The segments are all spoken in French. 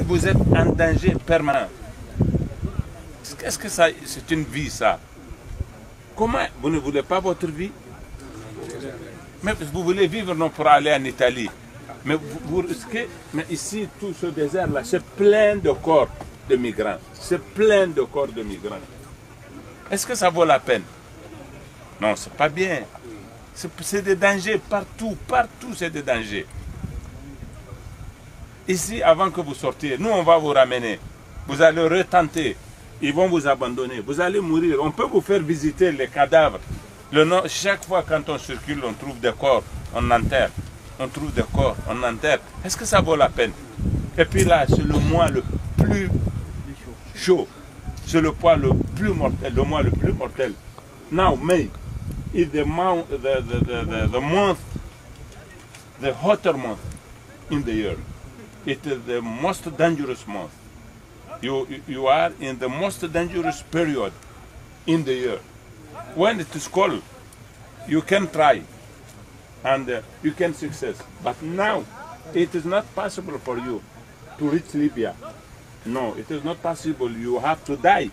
vous êtes en danger permanent, quest ce que ça, c'est une vie, ça Comment Vous ne voulez pas votre vie Mais vous voulez vivre non pour aller en Italie. Mais vous, vous risquez. Mais ici, tout ce désert-là, c'est plein de corps de migrants. C'est plein de corps de migrants. Est-ce que ça vaut la peine Non, c'est pas bien. C'est des dangers partout, partout, c'est des dangers. Ici, avant que vous sortiez, nous, on va vous ramener. Vous allez retenter. Ils vont vous abandonner. Vous allez mourir. On peut vous faire visiter les cadavres. chaque fois quand on circule, on trouve des corps. On enterre. On trouve des corps. On enterre. Est-ce que ça vaut la peine Et puis là, c'est le mois le plus chaud. C'est le poids le plus mortel. Le mois le plus mortel. Now, May is the, the, the, month in the year. It is the most dangerous month. You, you are in the most dangerous period in the year. When it is cold, you can try and uh, you can success. But now, it is not possible for you to reach Libya. No, it is not possible. You have to die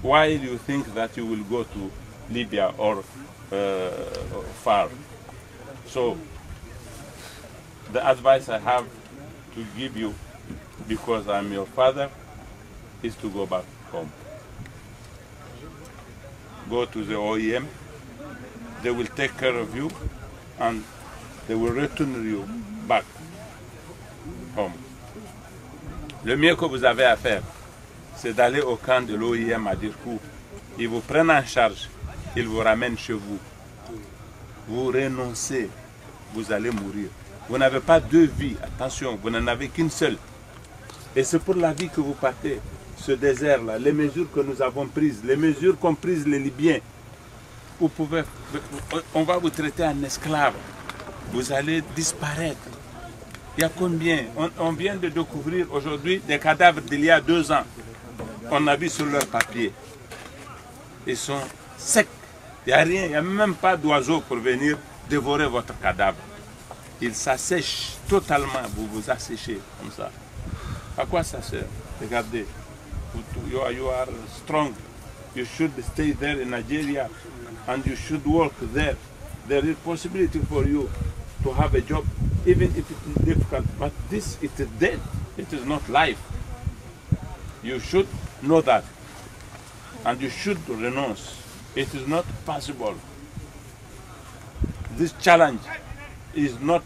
while you think that you will go to Libya or uh, far. So the advice I have to give you because I'm your father is to go back home. Go to the OEM, they will take care of you and they will return you back home. Le mieux que vous avez à faire, c'est d'aller au camp de l'OIM e à Dirkou. Ils vous prennent en charge, ils vous ramènent chez vous. Vous renoncez, vous allez mourir. Vous n'avez pas deux vies, attention, vous n'en avez qu'une seule. Et c'est pour la vie que vous partez, ce désert-là, les mesures que nous avons prises, les mesures qu'ont prises les Libyens. Vous pouvez, on va vous traiter en esclave. Vous allez disparaître. Il y a combien on, vient de découvrir aujourd'hui des cadavres d'il y a deux ans. On a vu sur leur papier. Ils sont secs. Il n'y a rien, il n'y a même pas d'oiseau pour venir dévorer votre cadavre. il s'assèche totalement, vous vous asséchez comme ça. À quoi ça sert Regardez, you are, you are strong, you should stay there in Nigeria and you should work there. There is possibility for you to have a job, even if it is difficult. But this, it is dead, it is not life. You should know that and you should renounce. It is not possible. This challenge is not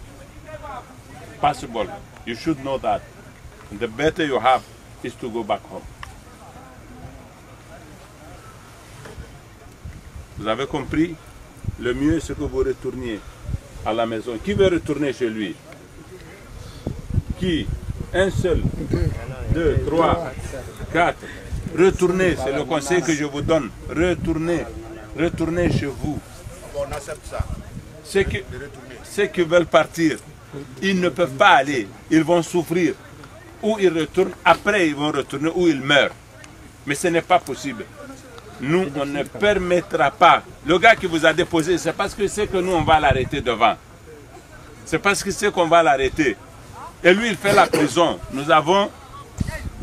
possible. You should know that. the better you have is to go back home. Vous avez compris Le mieux, c'est que vous retourniez à la maison. Qui veut retourner chez lui Qui Un seul, deux, trois, quatre. Retournez, c'est le conseil que je vous donne. Retournez, retournez chez vous. On accepte ça ceux qui, veulent partir, ils ne peuvent pas aller, ils vont souffrir. Ou ils retournent, après ils vont retourner, ou ils meurent. Mais ce n'est pas possible. Nous, on ne permettra pas. Le gars qui vous a déposé, c'est parce que c'est que nous, on va l'arrêter devant. C'est parce que c'est qu'on va l'arrêter. Et lui, il fait la prison. Nous avons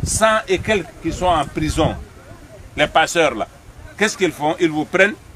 100 et quelques qui sont en prison. Les passeurs, là. Qu'est-ce qu'ils font Ils vous prennent,